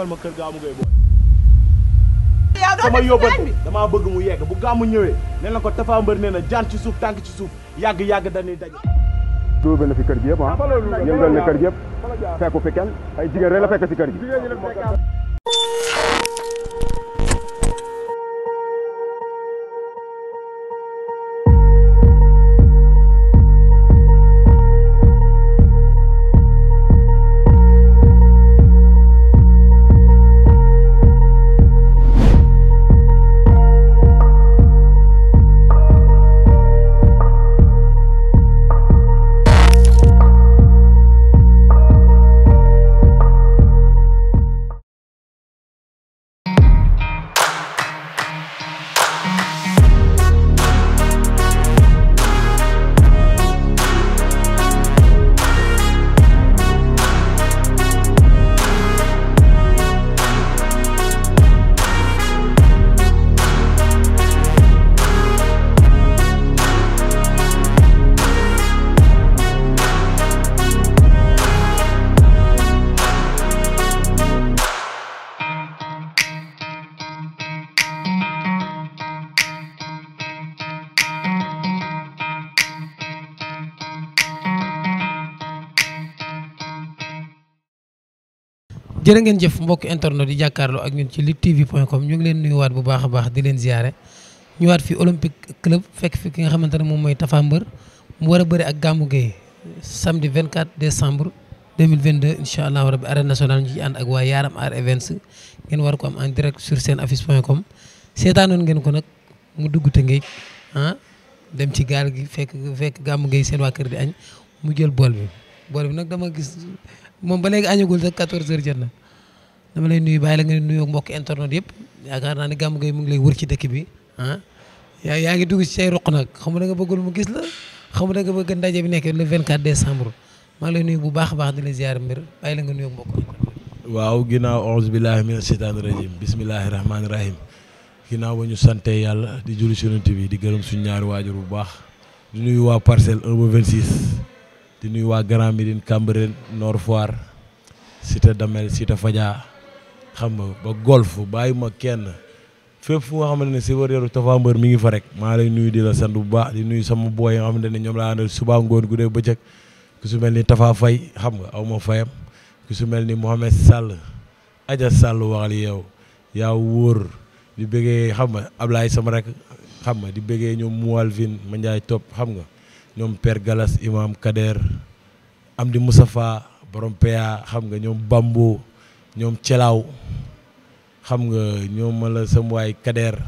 ma kër gaamu ngay booy sama yóbbal damaa bëgg mu yegg bu gaamu ñëwee nee na ko Tapha Mbeur nee na jaan ci suuf tànk ci suuf yàgg-yàgg dañuy daje duubal na fi kër gi yëpp ah yëngal kër gi yëpp fekku fi kenn ay jigéen rek la fekk si kër gi jërë ngeen jëf mbokk internet di jàkkaarloo ak ñun ci luttetv.com ñu ngi leen nuyuwaat bu baax a baax di leen ziare ñëwaat fi olympique club fekk fi ki nga xamante ne moom mooy Tapha Mbeur mu war a bëri ak Gamou Gueye samedi 24 décembre 2022 incha allahu rabi arène nationale ñu ci ànd ak waa Yaram Art Events ngeen war ko am en direct sur seen affiche point com seetaanoon ngeen ko nag mu dugg te ngéej ah dem ci gaal gi fekk fekk Gamou Gueye seen waa kër di añ mu jël bool bi bool bi nag dama gis moom ba léegi añagul rek 14 heures jot na dama lay nuyu bàyyi la nga nuyoo mbokki internet yëpp yaakaar naa ne Gamou Gueye mu ngi lay wër ci dëkk bi ah. yaa yaa ngi dugg ci say roq nag xam nga nga bëggul mu gis la xam nga nga bëgg ndaje bi nekk le 24 décembre maa ngi lay nuyu bu baax a baax di la ziar mbir bàyyi la nga nuyoo mbokk waaw ginnaaw auzu billahi mina sheytaani rajim bismillahi rahmaani rahim ginnaaw ba ñu sante yàlla di julli ci Yonent bi di gërëm suñu ñaari waajur bu baax nuyu waa parcelle 1 ba di nuyu waa Grand Médine Cambérène Nord Foire Cité Damel Cité Fadia xam nga ba golf bàyyi ma kenn fépp fu nga xamante ne si wëreeru Tapha Mbeur mi ngi fa rek maa lay nuyu di la sant baax di nuyu sama booy xam xamante ne ñoom laa àndal suba ngoon guddee bëccëg ku su mel ni Tafa Faye xam nga aw ma fayam ku su mel ni Mohamed Sall Aja Sall yow yaa wóor bëggee xam nga sama rek xam nga di bëggee ñoom Moualvin Mandiaye Top xam nga ñoom Père Galas Imam Kader am di Moustapha borom PA xam nga ñoom Bambo ñoom celaaw xam nga ñoom ma la sam waay kadeer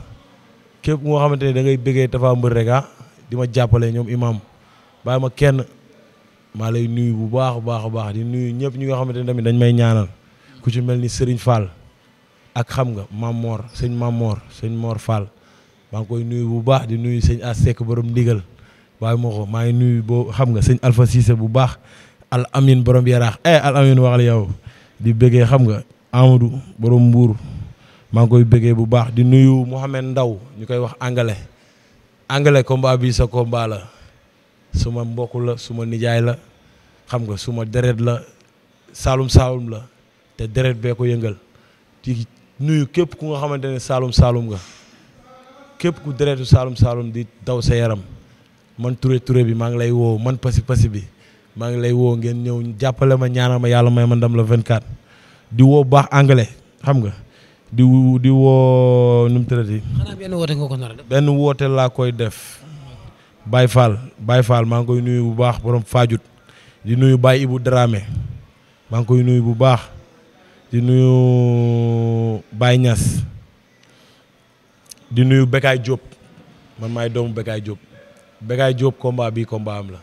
képp moo xamante ne da ngay bëggee Tapha Mbeur rek ah di ma jàppale ñoom imam bàyyi ma kenn maa lay nuyu bu baax baax baax di nuyu ñëpp ñu nga xamante ne tamit dañ may ñaanal ku ci mel ni Serigne Fall ak xam nga Mamor sëñ mamoor sëñ moor Fall maa ngi koy nuyu bu baax di nuyu sëñ Asek borom ndigal waaye moo ko maa ngi nuyu boo xam nga sëñ Alpha Cissé bu baax al amin borom yaraax eh al amin waxal yow. di bëggee xam nga Amadou borom mbuur maa ngi koy bëggee bu baax di nuyu Mouhamed Ndaw ñu koy wax angale angale combat bi sa combat la suma mbokk la suma nijaay la xam nga suma deret la saalum saalum la te deret bee ko yëngal di nuyu képp ku nga xamante ne saalum saalum nga képp ku deretu saalum saalum di daw sa yaram man ture ture bi maa ngi lay woo man pasi pasi bi maa ngi lay woo ngeen ñëw jàppale ma ñaanal ma yàlla may ma ndam la 24 di woo baax anglais xam nga di di woo nu mu tëddati. xanaa benn woote ko nar benn woote laa koy def Baye Fall Baye Fall maa ngi koy nuyu bu baax borom Fajut di nuyu Baye Ibou Dramé maa ngi koy nuyu bu baax di nuyu Baye Niass di nuyu Bekaay jóob man maay doomu Bekaay jóob Bekaay jóob combat bi combat am la.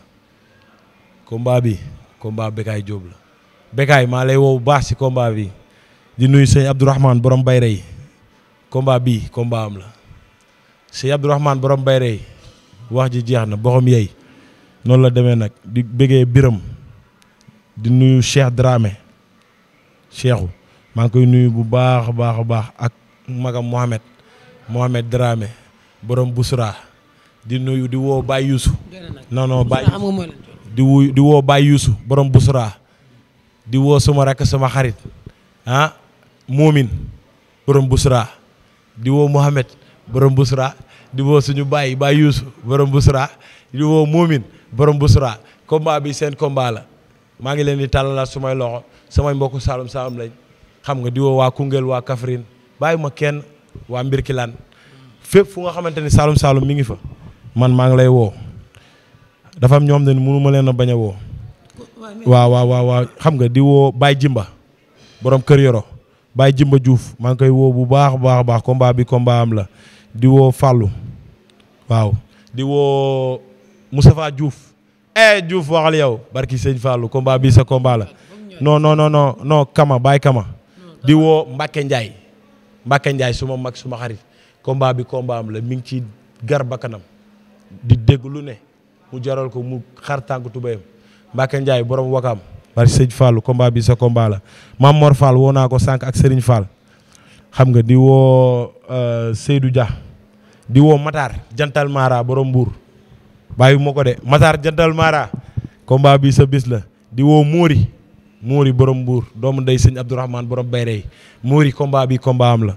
combat bi combat Bécaye Diop la Bécaye maa lay wow bu baax si combat bi di nuyu sëñ Abdourahmane borom bayre yi combat bii la sëñ Abdourahmane borom wax ji jeex na boxam yey noonu la demee nag di bëggee biram di nuyu Cheikh Dramé Cheikhou maa ngi koy nuyu bu baax a baax baax ak magam Mohamed Mohamed Dramé borom Bousra di nuyu di woo Baye Youssou non non Baye di di woo bàyyi Youssou borom Boussra di woo suma rakk sama xarit ah Moomin borom Boussra di woo Mohamed borom Boussra di woo suñu Baye bàyyi Youssou borom Boussra di woo Moomin borom Boussra combat bi seen combat la maa ngi leen di tàllalaat sumay loxo samay mbokku Saalum Saalum lañ xam nga di woo waa Koungheul waa kafrin bàyyi ma kenn waa Mbirkilaan fépp fu nga xamante ni Saalum Saalum mi ngi fa man maa ngi lay woo. dafa am ñoom ne mënu ma leen a bañ a woo. waaw waaw waaw xam nga di woo Baye Jimba boroom Kër Yoro Baye Jimba juuf maa ngi koy woo bu baax baax baax kombaa bi combat la di woo Fallou waaw woo Moustapha Diouf eh Diouf waxal yow barki sëñ bi sa combat la non Kama Baye Kama di woo Mbacke Ndiaye Mbacke Ndiaye suma mag suma xarit combat bi combat am la mi ngi ci gar bakkanam di dégg lu ne. mu jaral ko mu xar tànk tubéyam Mbacke Ndiaye borom wakaam bari sëñ Fall combat sa combat la Mam Mor Fall ko sànq ak Serigne Fall xam nga di woo euh, Seydou Dia di woo Matar jantal Mara borom Mbour bàyyi ma ko de Matar jantal Mara combat bi sa bis la di woo Mori Mori borom Mbour doomu ndey sëñ Abdourahmane borom Bayrey Mori combat bi am la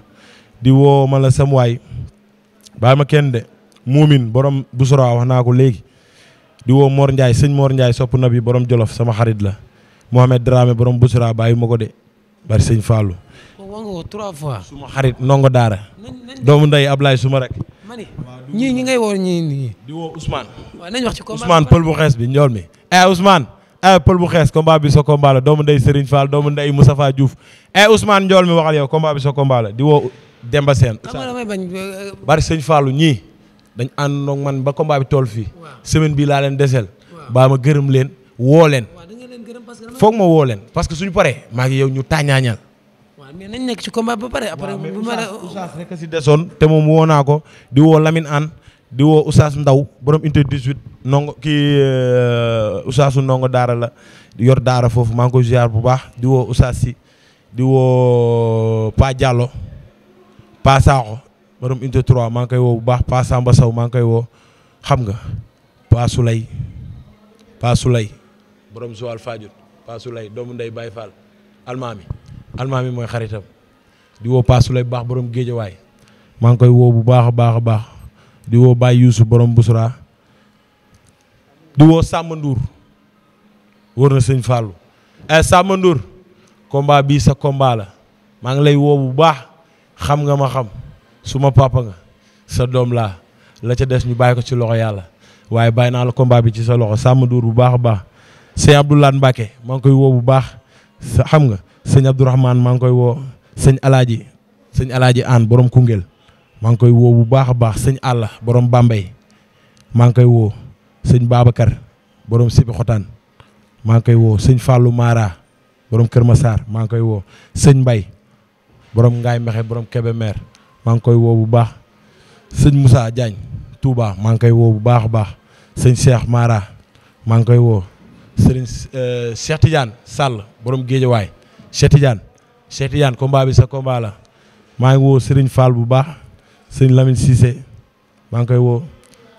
di woo ma la sam waay ma kenn de Muumin borom Boussora wax naa ko léegi. diwoo woo Mor sëñ Mor Ndiaye sopp na bi borom Jolof sama xarit la Mohamed Dramé borom Bousra bàyyi ma ko de bari sëñ Fallou. suma xarit ndongo daara. doomu nday Ablaye suma rek. ñii ñi ngay woo ñii ñii. di woo pël bu xees bi njool mi. eh Ousmane. eh pël bu xees combat bi sa combat la doomu nday Serigne Fall doomu nday Moustapha Diouf. eh Ousmane njool mi waxal yow combat bi sa combat la di Demba Sène. Euh, bari sëñ Fallou ñii. dañ àndoon man ba combat bi tool fii. semaine bi laa leen desel. baa ma gërëm leen woo leen. foog ma woo leen parce que suñu paree maa ngi yow ñu tàññaañal. waaw mais nañ nekk ci combat ba pare après. bu ma te moom woo naa ko di woo Lamine di woo Oustaz Ndaw borom unité 18 nongo kii euh, Oustaz nongo daara la yor daara foofu maa ngi ko ziar bu baax di woo Oustaz si di woo Pa Diallo Pa Sakho borom unité 3 maa ngi koy woo bu baax Pa Samba saw maa ngi koy woo xam nga Pa Souley Pa Souley borom Joal Fadiouth Pa Souley doomu ndey Baye Fall almaami almaami mooy xaritam di woo Pa Souley bu baax borom Géejawaay maa ngi koy woo bu baax a baax a baax di woo Baye Youssou borom Boussra di woo sàmmanduur Ndour wër na sëñ Fallou eh Samba Ndour bii sa combat la maa ngi lay woo bu baax xam nga ma xam. suma papa nga sa doom laa la ca des ñu bàyyi ko ci loxo yàlla waaye bàyyi naa la combat bi ci sa loxo sàmm duur bu baax a baax sëñ Abdoulaye Mbacke maa ngi koy woo bu baax sa xam nga sëñ Abdourahmane maa ngi koy woo sëñ Alaaji sëñ Alaaji Aan borom Koungheul maa ngi koy woo bu baax a baax sëñ Alla borom Bambey maa ngi koy woo sëñ Babacar borom Sibi Xotaan maa ngi koy woo sëñ Fallou Mara boroom Kër ma saar maa ngi koy woo sëñ Mbay borom Ngaay Mexe borom Kébémer maa ngi koy woo bu baax sëñ Moussa Diagne Touba maa ngi koy woo bu baax a baax sëñ Cheikh Mara maa ngi koy woo sëriñ euh, Cheikh Tidiane Sall borom Géejawaay Cheikh Tidiane Cheikh bi sa combat maa ngi woo sëriñ Fall bu baax sëñ Lamine Cissé maa ngi koy woo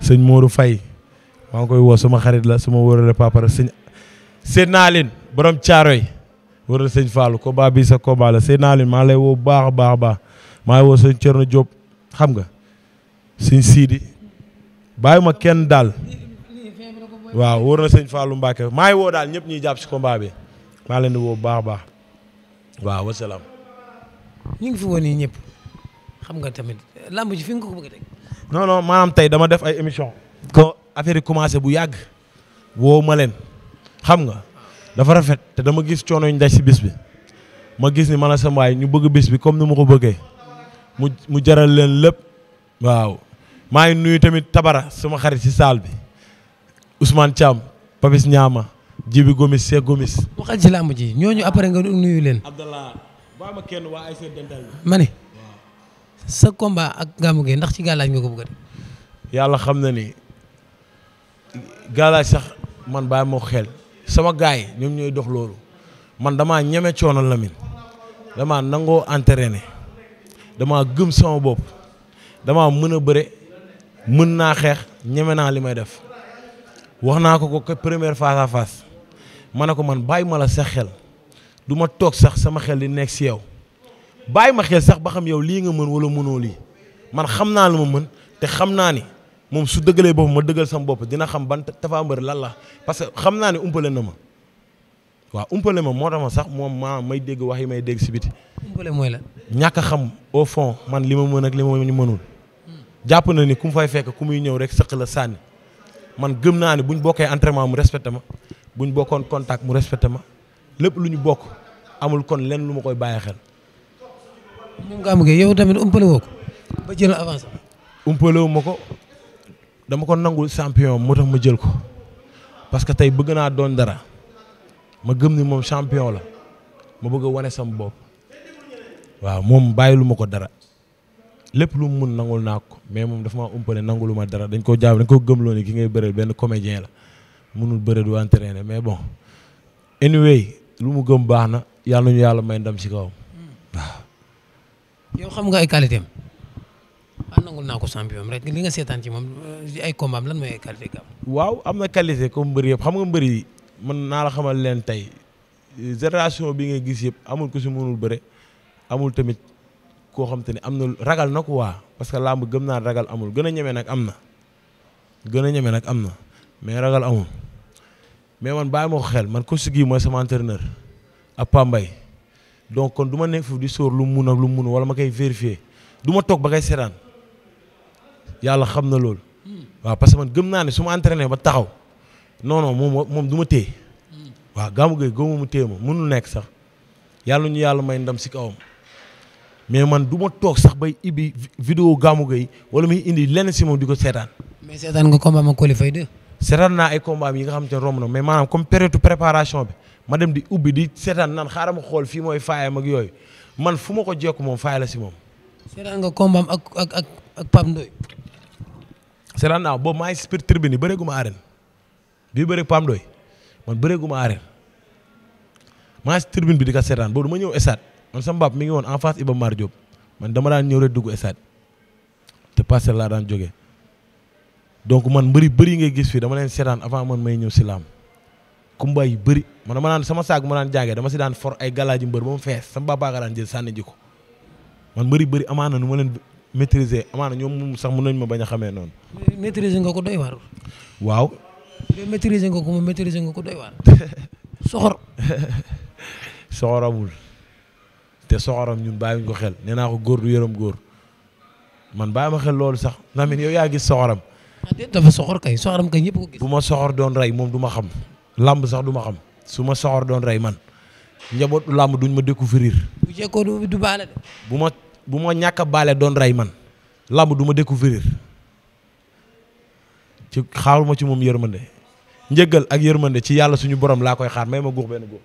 sëñ Modou Faye maa ngi koy woo suma xarit la suma wërale papara sëñ seet naa leen borom Caaroy wërale sëñ ko baa bi sa combat la seet naa leen maa lay woo bu baax baax baax maa ngi woo sëñ Thierno Diop xam nga si Sidi bàyyi ma kenn daal waaw wóor na sëñ Fallou Mbacke maa ngi woo daal ñëpp ñuy jàpp si combat bi maa leen di woo bu baax waaw wasalaam. ñu ngi ñëpp xam nga tamit lamb ji fi nga ko bëgg a tey dama def ay émission ko commencé bu yàgg woo ma leen xam nga dafa rafet te dama gis coono ñu daj si bis bi ma gis ni man a sama waay ñu bëgg bis bi comme ni ma ko bëggee. mu mu jaral leen lépp waaw maa ngi nuyu tamit tabara suma xarit si saal bi usmaan Thiam Papis Ñaama Jibi Gomis Seck Gomis waxal ci làmb ji ñooñu après nga nuyu leen Abdallah baa ma waa ay sa combat ak Gamou Gueye ndax ci gàllaaj nga ko bëgg a yàlla xam na ni gàllaaj sax man bàyyi moo xel sama gars yi ñoom ñooy dox loolu man damaa ñeme coono Lamine damaa nangoo entraîné damaa gëm sama bopp damaa mën a bëre mën naa xeex ñeme naa li may def wax naa ko ko première face à face ma ne ko man bàyyi ma la sax xel du toog sax sama xel di nekk si yow bàyyi ma xel sax ba xam yow lii nga mën wala mënoo lii man xam naa lu ma mën te xam naa ni moom su dëggalee boppam ma dëggal sama bopp dina xam bant Tapha Mbeur lan la parce que xam naa ne umpale na ma. waaw umpale ma moo tax sax moom maa may dégg wax yi may dégg si biti. mooy la. ñàkk xam au fond man li ma mën ak li ma mënul. jàpp na ni ku fekk ku muy ñëw rek sëq la sànni man gëm naa ne buñ bokkee entraînement mu respecté ma buñ bokkoon contact mu respecté ma lépp lu ñu bokk amul kon lenn lu ma koy bàyyi xel. moom nga am yow tamit umpale woo ko ba jël avance. umpale wu ma ko dama ko nangul champion moo tax ma jël ko parce que tey bëgg naa doon dara. ma gëm ni moom champion la ma bëgg a wane sama bopp waaw moom bàyyilu ma ko dara lépp lu mun nangul naa ko mais moom dafa ma umpale nangulu ma dara dañ koo jàpp dañ koo gëmloo ni ki ngay bëreel benn comédien la munul bëre du entraîner mais bon anyway lu mu gëm baax na yàlla ñu yàlla may ndam si kawam waaw. Hmm. yow xam nga ay qualité am ah nangul ko champion rek li nga seetaan ci moom ay combat lan mooy ay waaw am na qualité comme mbër yëpp xam nga mbër yi man naa la xamal leen tey génération bi ngay gis yëpp amul ku si mënul bëre amul tamit koo xam te ne am na ragal na ko waa parce que làmb gëm naa ragal amul gën a ñeme nag am na gën a ñeme nag am na mais ragal mais man bàyyi moo xel man ko sigi mooy sama entraîneur ak Pambay donc kon du ma nekk foofu di sóor lu mun ak lu mun wala ma koy vérifier du ma toog ba koy seetaan yàlla xam na loolu hmm. waa parce que man gëm naa ne su ba taxaw non non moom moom du ma téye waaw Gamou Gueye góobamu téye ma mënul nekk sax yàlla ñu yàlla may ndam si kawam mais man du ma toog sax bay ibbi vidéo gaamu Gueye wala muy indi lenn si moom di ko seetaan. mais seetaan nga combat ma Coly Faye 2. ay combat yi xam te ne romb na mais maanaam comme période préparation bi ma dem di ubbi di seetaan naan xaaral ma xool fii mooy faayam ak yooyu man fu ma ko jekk moom si moom. seetaan nga combat am ak ak ak ak Pape Ndoye. seetaan naa boobu maa ngi si tribune yi bëreeguma bii bëre Pam Doy man bëre gu ma aareer maa si bi di ko seetaan boobu dama ñëw estade man sama baab mi ngi woon en face Iba Mar Diop man dama daan ñëw rek dugg estade te passé laa daan jóge donc man mbëri bëri ngay gis fii dama leen seetaan avant man may ñëw si laam kumba yi bëri man dama naan sama saag ma daan jaagee dama si daan for ay galaaji mbër ba mu fees sama baabaa nga daan jël sànni ji ko man mbëri bëri amaana nu ma leen maîtriser amaana ñoom sax mën nañ ma bañ a xamee noonu. maîtriser nga de nga ko moom maîtriser nga ko doy waar soxor. soxoramul te soxoram ñun bàyyi ko xel nee naa ko góor du yërëm góor man bàyyi ma xel loolu sax Lamine yow yaa gis soxoram. Ah, dafa soxor kay soxoram kay ñëpp ko gis. bu ma soxor doon rey moom du ma xam làmb sax du ma xam su ma soxor doon rey man njabootu làmb duñ ma découvrir. bu jekkoo du baale de. bu ma bu ma ñàkk a baale doon rey man làmb du ma découvrir. ci xaaruma ci moom yërmande njëggal ak yërmande ci yàlla suñu borom laa koy xaar may ma guux benn góor.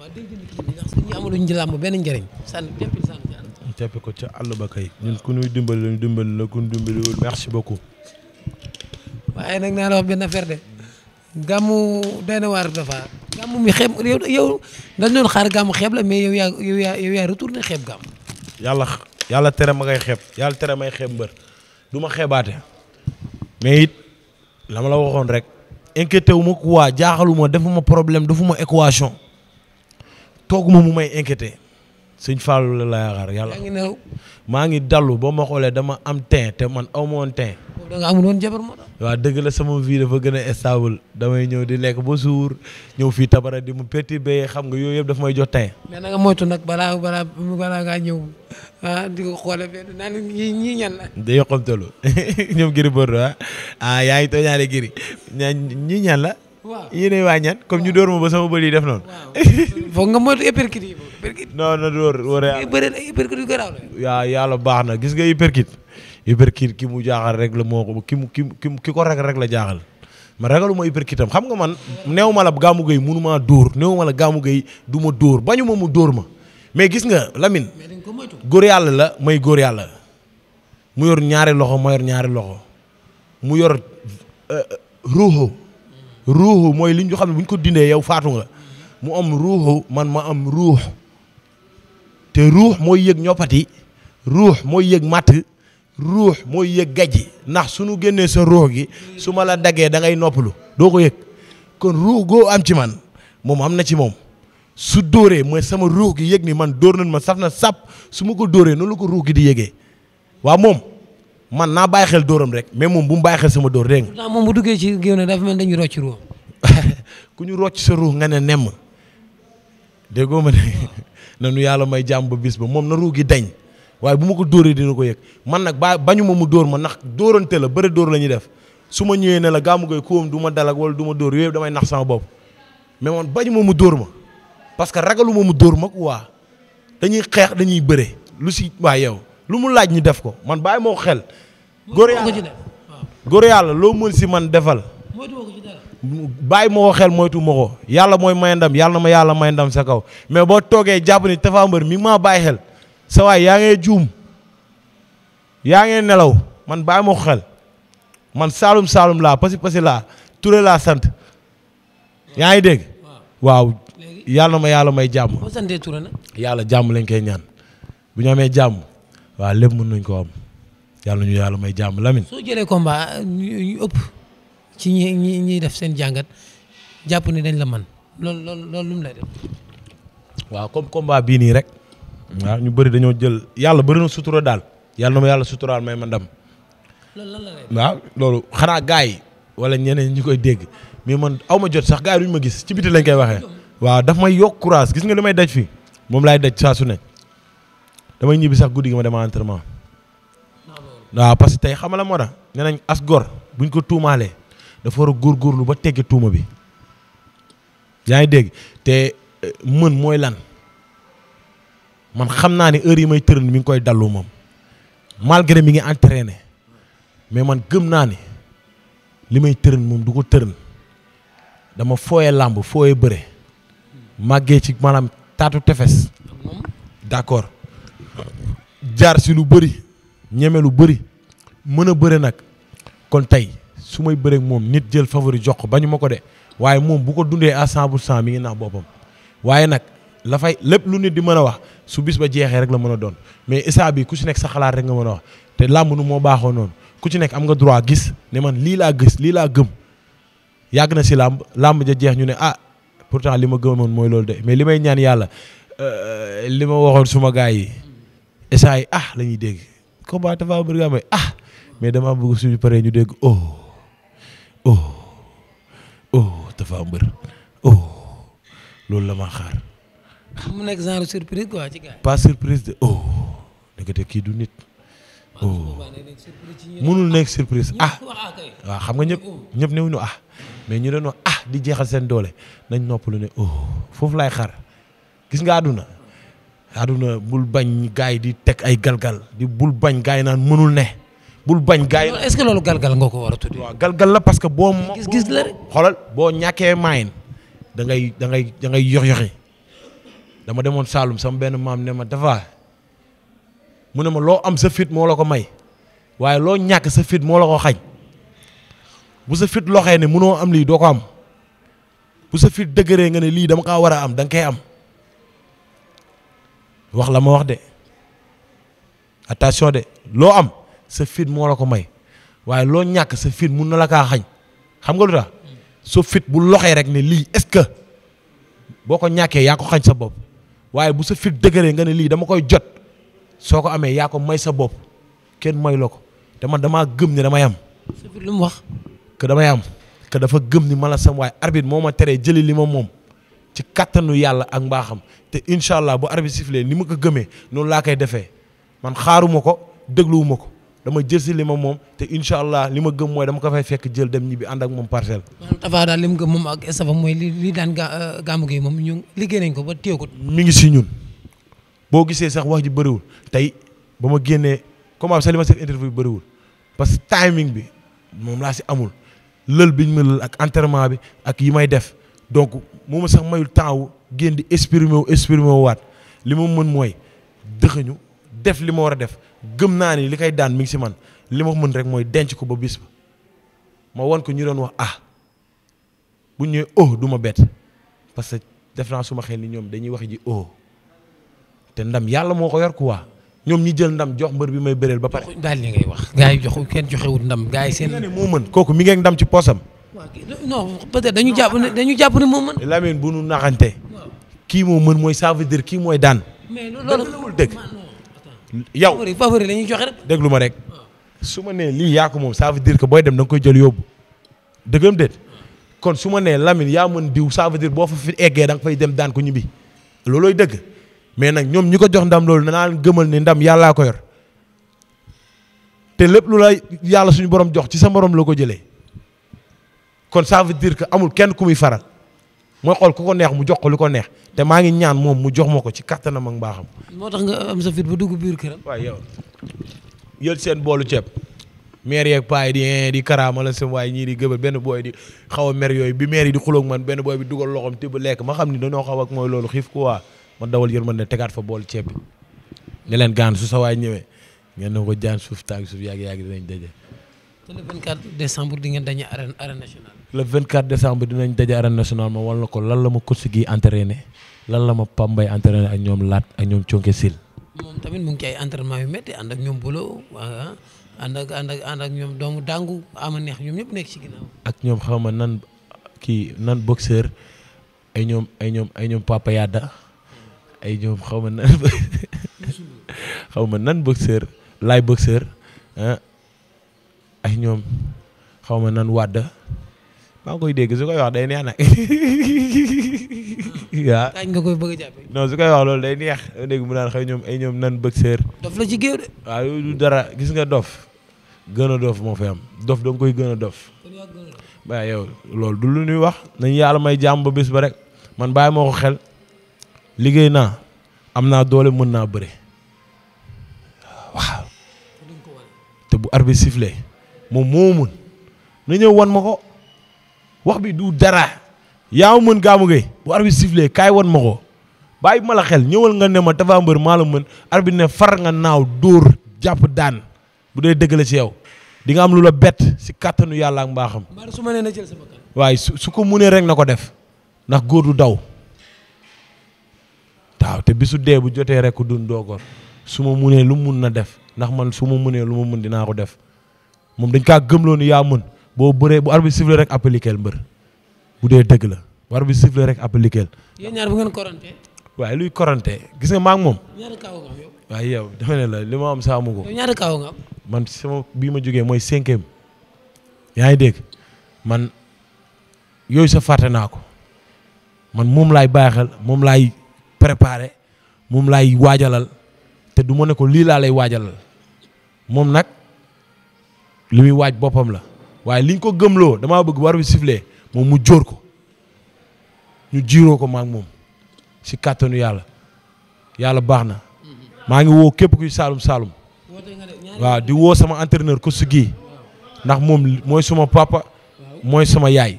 waaw dégg nga kii ñu amul ñu làmb benn njëriñ. sànni jëppil sànni jàll. jàppi ko ca àll ba kay. ñun ku ñuy la ku ñu dimbaliwul merci beaucoup. waaye nag naa la benn affaire gàmmu doy na dafa gàmmu mi xeeb yow dañ doon xaar gàmmu xeeb la mais yow yaa yow yaa xeeb gàmmu. yàlla yàlla tere ma ngay xeeb yàlla tere may xeeb mbër du ma xeebaate mais it la ma la waxoon rek inquiété wu ma quoi jaaxaluma defuma problème defuma équation tooguma mu may inquiété suñ Fallou la la yaakaar yàlla. maa ngi néew. maa ngi dallu boo ma xoolee dama am teint te man aw ma woon teint. da nga amul woon jabar dëgg la sama vie dafa gën a stable damay ñëw di lekk ba suur ñëw fii tabara di mu petit béyee xam nga yooyu yëpp daf may jot teint. mais nag moytu nag balaa balaa ngaa ñëw. Ah, di ko xoolee fenn ñii ñii ñan la. da yokkamtalu ñoom Gris Bordeaux ah ah yaa ngi tooy ñaare Gris ñii ñan la. waaw yéenay waa ñan comme ñu door ma ba sama bëri yi def noonu. foog nga moytu hyperkit yi hyperkit. non non door war a. bëri baax na gis nga hyperkit hyperkit ki mu jaaxal rek la moo ko ki mu ki mu ki ko rek rek la jaaxal. ma ragalu ma hyperkitam xam nga man. néew ma la gàmmu gay mënu maa dóor néew ma la gàmmu gay du ma dóor bañu ma mu dóor ma. mais gis nga Lamine. góor yàlla la may góor yàlla. mu yor ñaari loxo ma yor ñaari loxo mu yor euh, euh, ruuxu. mooy li ñu xam ne bu ñu ko dindee yow faatu nga mu am ruuxu man ma am ruux te ruux mooy yëg ñoppati ruux mooy yëg màtt ruux mooy yëg gajj ndax suñu génnee sa ruux gi su ma la daggee da ngay noppalu doo ko yëg kon ruux goo am ci man moom am na ci moom su dóoree mooy sama ruux gi yëg ni man dóor nañ ma saf na sàpp su ma ko dóoree noonu lu ko ruux gi di yégee waaw moom man naa bàyyi xel dóoram rek mais moom bu mu bàyyi xel dóor dégg nga. moom bu duggee ci géew na dafa mel dañuy rocc ruux. ku ñu rocc sa ruux nga ne nemm déggoo ma ne yàlla may jàmm ba bis ba moom na ruux gi dañ waaye bu ma ko dóoree dina ko yëg man nag ba bañu ma mu dóor ma ndax dóorante la bëri dóor la ñuy def su ma ñëwee ne la gàmmu koy du ma dalak wala du dóor yooyu damay nax sama bopp mais man bañu ma mu dóor ma. parce que ragaluma mu dóor mag waa dañuy xeex dañuy bëre lu si waa yow lu mu laaj ñu def ko man bàyyi moo xel. góor yàlla góor yàlla loo mën si man defal. bàyyi moo ko xel moytu ma ko yàlla mooy may yàlla na ma yàlla may sa kaw mais boo toogee jàpp ni Tapha Mbeur mi maa bàyyi xel sa waay yaa ngee juum yaa ngee nelaw man bàyyi moo xel man saalum saalum laa pasi pasi laa Touré laa sant yaa ngi dégg waaw yàlla ma yàlla may jàmm. boo santee Touré yàlla jàmm lañ koy ñaan bu ñu amee jàmm waaw lépp mën nañ koo am yàlla ñu yàlla may jàmm Lamine. soo jëlee combat ñu ëpp ci ñi ñi def seen jàngat jàpp ni dañ la man loolu loolu loolu lu mu lay def. waaw comme combat bii nii rek. waaw ñu bari dañoo jël yàlla bëri na sutura daal yàlla ma yàlla suturaal may man ndam. loolu la loolu xanaa gars yi wala ñeneen ñi koy dégg mais man aw ma jot sax gars yi duñ ma gis ci bitt lañ koy waxee. waaw daf may yokk courage gis nga li may daj fi moom laay daj saa su ne damay ñibbi sax guddi gi ma dem entraînement waaw parce que tey xamala moo tax nee nañ as gor buñ ko tuumaalee dafa war a góorlu ba tegge tuuma bi yaa ngi dégg te eh, mën mooy lan man xam naa ni heure yi may tërën mi ngi koy dallu moom malgré mi ngi entraîné mais man gëm naa ni li may tërën moom du ko tërën dama fooyee làmb fooyee bëre màggee ci maanaam taatu tefes d'accord jaar si lu bëri ñeme lu bëri mën a bëre nag kon tey su may bëreeg moom nit jël favori jox ko bañu ma ko de waaye moom bu ko dundee à cent pour cent mi ngi nax boppam waaye nag la fay lépp lu nit di mën a wax su bis ba jeexee rek la mën a doon mais isaa bi ku si nekk sa xalaat rek nga mën a wax te làmb nu moo baaxoo noonu ku ci nekk am nga droit gis ne man lii laa gis lii laa gëm yàgg na si làmb làmb ja jeex ñu ne ah pourtant li ma gëmoon mooy loolu de mais li may ñaan yàlla euh, li ma waxoon suma gars yi essai yi ah la dégg combat Tapha Mbeur Gambaye ah, mais damaa bëgg suñu paree ñu dégg oh, oh, oh, oh loolu la ma xaar. mu nekk genre surprise quoi pas surprise de oh kii du nit. nekk surprise ah, ah waaw xam nga ñëpp ñëpp newuñu ah mais ñu doon ah, di jeexal seen doole nañ noppalu ne oh foofu lay xar gis nga àdduna àdduna bul bañ gaay di teg ay galgal di bul bañ gaay naan mënul ne. bul bañ gaay yi est-ce galgal nga ko war a tudd. waaw galgal la parce que boo. moo gis la rek boo ñàkkee maayin dangay ngay da ngay da yox yoxi dama demoon Saalum sama benn maam ne ma dafa mu ne ma loo am sa fit moo la ko may waaye loo ñàkk sa fit moo la ko xañ bu sa fit loxee ne mënoo am lii doo ko am bu sa fit dëgëree nga ne lii dama kaa war a am da nga koy am wax la ma wax de attention de loo am sa fit moo la ko may waaye loo ñàkk sa fit mun na la kaa xañ xam nga lu tax sa fit bu loxee rek ne lii est-ce que boo ko ñàkkee yaa ko xañ sa bopp waaye bu sa fit dëgëree nga ne lii dama koy jot soo ko amee yaa ko may sa bopp kenn may la ko te man dama gëm ne damay am. sa fit lu wax. que damay am. que dafa gëm ni mala sam waaye arbitre moo ma teree jëli li ma moom ci kàttanu yàlla ak mbaaxam te incha allah bu arbitre sifflé ni ma ko gëmee noonu laa koy defee man xaaruma ko dégluwuma ko dama jël si li ma moom te incha allah li ma gëm mooy dama ko fay fekk jël dem ñibbi ànd ak moom parcelle. maanaam Tapha daal li mu gëm moom ak Estafam mooy li li daan gàmmu euh, gi moom ñu liggéey nañ ko ba téye ko. mu ngi si ñun boo gisee sax wax ji bariwul tey ba ma génnee comment sax li ma seen interview bëriwul parce que timing bi moom laa si amul. lël bi ñu ma lël ak entraînement bi ak yi may def donc moo ma sax mayul temps wu génn di exprimer wu waat li ma mën mooy dëxëñu def li ma war a def gëm naa ni li kay daan mi ngi si man li ma mën rek mooy denc ko ba bis ba ma wan ko ñu doon wax ah bu ñëwee oh du ma bett parce que def naa suma xel ni ñoom dañuy wax ji oh te ndam yàlla moo ko yor ñoom ñi jël ndam jox mbër bi may bëreel ba pare. daal li ngay wax gars yi joxu kenn joxewul ndam gaa yi seen. nga ne moo mën kooku mi ngi ndam ci posam non peut-être dañu jàpp ne dañu jàpp ne moo mën. Lamine bu nu naxante. kii moom mën mooy ça veut kii mooy daan. mais loolu loolu dëgg. yow favori favori la ñuy joxe rek. déglu ma rek ah. su ma nee lii yaa ko moom ça veut dire booy dem da nga koy jël yóbbu dëggam déet kon su ma nee Lamine yaa mën diw ça veut boo fa fi eggee da nga fay dem daan ko ñibbi loolooy dëgg mais nag ñoom ñi ko jox ndam loolu danaa gëmal ni ndam yàllaa ko yor te lépp lu la yàlla suñu borom jox ci sa morom la ko jële kon ça veut dire que amul kenn ku muy faral mooy xool ku ko neex mu jox ko lu ko neex te maa ngi ñaan moom mu jox ma ko ci kattanam ak mbaaxam. moo tax nga am sa fit bu dugg biir këram. waaw yow yël seen boolu ceeb maire yeeg paa yi di eh, di karaama la sama waaye ñii di gëbal benn booy di xaw a mer yooyu bi maire yi di xuloog man benn booy bi dugal loxoom te lekk ma xam ni dañoo xaw ak mooy loolu xiif quoi. ma dawal yërmande tegaat fa bool ceeb bi ne leen gaan su sa waay ñëwee ngeen na ko jaan suuf tàng suuf yàgg yàgg dinañ daje. te le di ngeen daje arène arène nationale. le 24 décembre dinañ daje arène nationale ma wal na ko lan la ma coach gi entraîné lan la ma Pambay entraîné ak ñoom laat ak ñoom Conke Sil. moom tamit mu ngi ci ay entraînement yu métti ànd ak ñoom Bolo ànd ak ànd ak ak ñoom doomu dàngu a neex ñoom ñëpp nekk ci ginnaaw. ak ñoom xaw ma nan kii nan boxeur ay ñoom ay ñoom ay ñoom Papa Yada. ay ñoom xaw ma nan xaw ma nan boxeur laay boxeur ah, ay ñoom xaw ma nan wàdd maa ngi koy dégg su koy wax day neex nag waaw. kañ nga koy bëgg a su koy wax loolu day neex dégg mu daan xëy ñoom ay nan boxeur. dof la ci géew de. waaw du dara gis nga dof gën a dof moo fi am dof da koy gën a dof. waaw yow loolu du lu ñuy wax nañu yàlla may ba bés ba rek man bàyyi moo ko xel. liggéey naa am naa doole mën naa bëre waaw te bu arbitre sifflé moom moo mën na ñëw wan ma ko wax bi du dara yaa mën Gamou Gueye bu arbitre sifflé kaay wan ma ko bàyyi ma la xel ñëwal nga ne ma Tapha Mbeur maa la mën arbitre ne far nga naaw dóor jàpp daan bu dee dëgg la ci yow di nga am lu la bett si kàttanu yàlla ak mbaaxam. su ma nee waaye su su ko munee rek na ko def ndax góor du daw. waaw te bisu dee bu jotee rek dun doogoor su ma munee lu mun na def ndax man su ma munee lu ma mun dinaa ko def moom dañ kaa gëmloo ni yaa mën boo bëree bu arbitre siffle rek appliquer mbër bu dee dëgg la bu arbitre siffle rek appliquer. yéen ñaar bu ngeen korante. waaye luy korante gis nga maa ngi moom. ñaari kaw nga am yow. waaye yow dafa ne la li ma am saamu ko. yow ñaari kaw nga am. man sama bii ma jógee mooy cinquième yaa ngi dégg man yooyu sa fàtte naa ko man moom laay bàyyi xel moom laay. préparé moom laay waajalal te du ma ne ko lii laa lay waajalal moom nag li muy waaj boppam la waaye liñ ko gëmloo damaa bëgg war bi siflee moom mu jóor ko ñu jiiroo ko maak moom si kàttanu yàlla yàlla baax na maa ngi woo képp kuy saalum saalum waaw di woo sama entraîneur ko su gii ndax moom mooy suma papa mooy sama yaay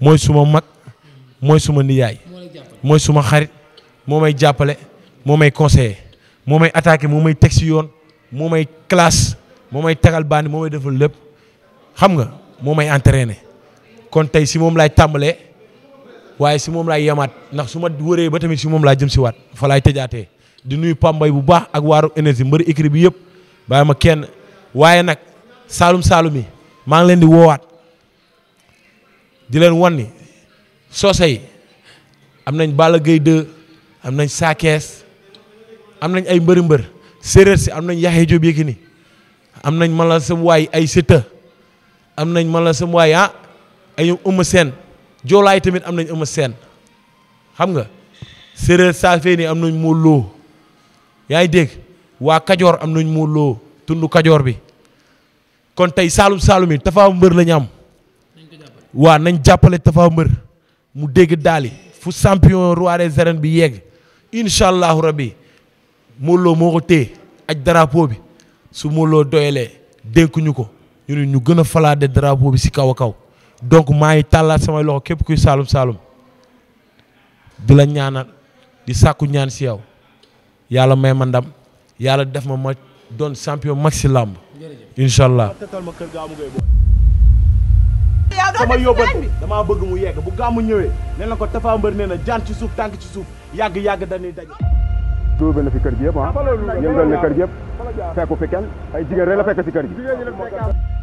mooy suma mag mooy suma nijaay mooy suma xarit moo may jàppale moo may conseiller moo may attaqué moom may teg si yoon moo may classe moom may tagal bandi moo ay defal lépp xam nga moo may entraîné kon tey si moom laay tàmbalee waaye si moom laay yemaat ndax su ma wëree ba tamit si moom laa jëm si waat fa laay tëjaatee di nuyu pambay bu baax ak waaru énergie mbëri écrit bi yëpp bàyyi ma kenn waaye nag saalum saalum yi maa ngi leen di woowaat di leen wan ni soose yi am nañ Balla Gaye 2 am nañ saakees am nañ ay mbër mbër séeréer si am nañ yaxe yaxee Jóob Yékini am nañ man la ay Siteu am nañ man la sam waay ah, ay Eumeu Sène joolaay tamit am nañ Eumeu Sène xam nga séeréer saa fee ni am nañ Modou Lo yaa ngi dégg waa kajoor am nañ Modou Lo tund kajoor bi kon tey saalum saalum yi tafaa mbër la am waa nañ jàppale tafaa mbër mu dégg daali fu champion roi des bi yegg incha allahu rabbi Modou Lo moo ko téye ak drapeau bi su Modou doyalee dénkuñu ko ñu ñu gën a falaade drapeau bi si kaw a kaw donc maa ngi tàllaat samay loxo képp kuy saalum saalum di la ñaanal di sàkku ñaan si yow yàlla may ma ndam yàlla def ma ma doon champion maxi làmb incha yàgg-yàgg dañuy daje. duubal na fi kër gi yëpp ah, ah yëngal na kër gi yëpp fekku fi kenn ay jigéen rek la fekk si kër gi.